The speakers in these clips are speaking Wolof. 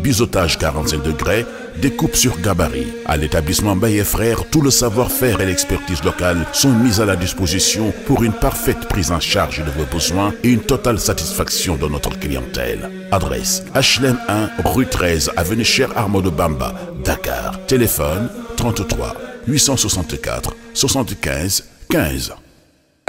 biseautage 45 degrés, découpe sur gabarit. À l'établissement Baye et Frères, tout le savoir-faire et l'expertise locale sont mis à la disposition pour une parfaite prise en charge de vos besoins et une totale satisfaction de notre clientèle. Adresse HLM 1, rue 13, avenue Cheikh Amadou Bamba, Dakar. Téléphone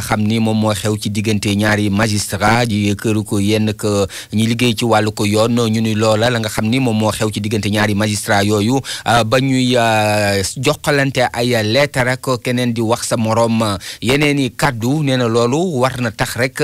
xam ni moom moo xew ci diggante ñaari magistrat ji këru ko yenn que ñi liggéey ci wàllu yoon ñu ni loola la nga xam ni moom moo xew ci diggante ñaari magistrat yooyu ah, ba ñuy ah, jokkalante ay lettre rek keneen di wax sa moroom ah, yeneen i kàddu nee na loolu war na tax rek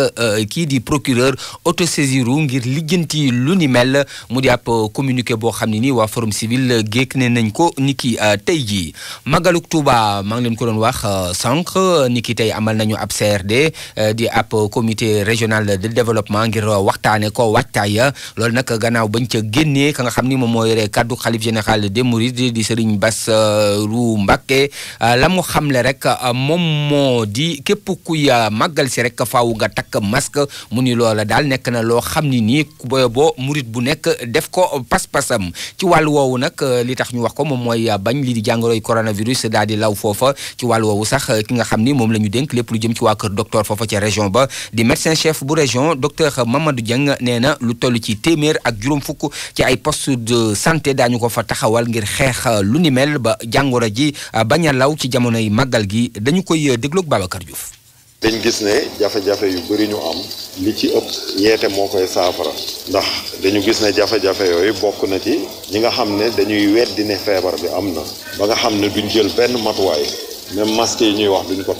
kii di procureur autosaisiru ngir lijjanti lu ni mel mu di ab communiqué boo xam ne ni waa forum civil géek ne nañ ko niki tey ji magaluk Touba maa ngi leen ko doon wax sànq niki tey amal CRD euh, di ab comité régional de développement ngir waxtaane ko waajtaaya loolu nag gannaaw bañ ca génnee ka nga xam ni moom moo yore kaddu xalif général des mourides di Serigne Bassirou Mbacké euh, la mu xamle rek euh, moom moo di képp kuy maggal si rek faaw nga takk masque mu ni loola daal nekk na loo xam ni nii boo murit bu nekk def ko pas-pasam ci wàllu woowu nag li tax ñu wax ko moom mooy bañ li di jàngoroy coronavirus daal di law foofa ci wàllu woowu sax ki nga xam ni moom la ñu dénk lu jëm ci waa kër docteur foofa ca région ba di médecin chef bu région docteur mamadu Dieng nee na lu toll ci téeméer ak juróom fukk ci ay poste de santé daañu ko fa taxawal ngir xeex lu ni mel ba jàngoro ji bañ a law ci jamonoy màggal gi dañu koy dégloog Babacar Diouf. dañ gis ne jafe-jafe yu bëri ñu am li ci ëpp yeete moo koy saafara ndax dañu gis ne jafe-jafe yooyu bokk na ci ñi nga xam ne dañuy weddi ne feebar bi am na ba nga xam ne duñ jël benn matuwaay même masque yi ñuy wax duñ ko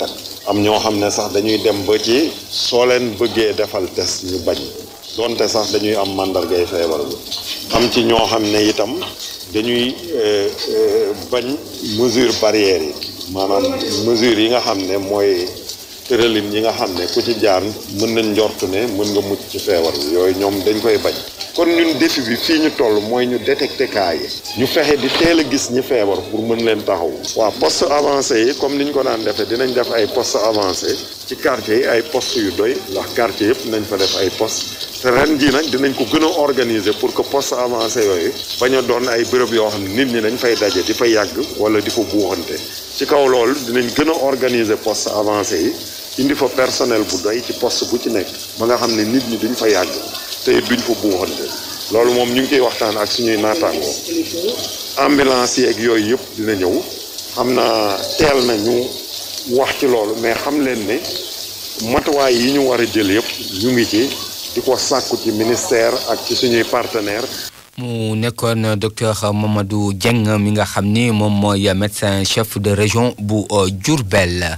am ñoo xam ne sax dañuy dem ba ci soo leen bëggee defal test ñu bañ donte sax dañuy am màndargay feebar bi am ci ñoo xam ne itam dañuy euh, euh, bañ mesure barrière yi maanaam mesure yi nga xam ne mooy tëralin yi nga xam ne ku ci jaar mën nañ njortu ne mën nga mucc ci feebar bi yooyu ñoom dañ koy bañ kon ñun défi bi fii ñu toll mooy ñu détecté cas yi ñu fexe di teel a gis ñi feebar pour mën leen taxaw waaw poste avancé yi comme ni ñu ko daan defee dinañ def ay post avancé ci quartier yi ay poste yu doy ndax quartier yëpp nañ fa def ay post te ren jii nag dinañ ko gën a organiser pour que poste avancé yooyu bañ a doon ay béréb yoo xam ne nit ñi dañ fay daje di fa yàgg wala di fa buuxante ci kaw loolu dinañ gën a organiser post avancé yi indi fa personnel bu doy ci post bu ci nekk ba nga xam ne nit ñi duñ fa yàgg te duñ fa buuxante loolu moom ñu ngi koy waxtaan ak suñuy naataangoo ambulance yi ak yooyu yëpp dina ñëw xam naa teel na ñu wax ci loolu mais xam leen ne matuwaay yi ñu war a jël yëpp ñu ngi ci di ko sàkku ci ministère ak ci suñuy partenaires. mu nekkoon docteur Mamadou Dieng mi nga xam ni moom mooy médecin chef de région bu euh, Diourbel.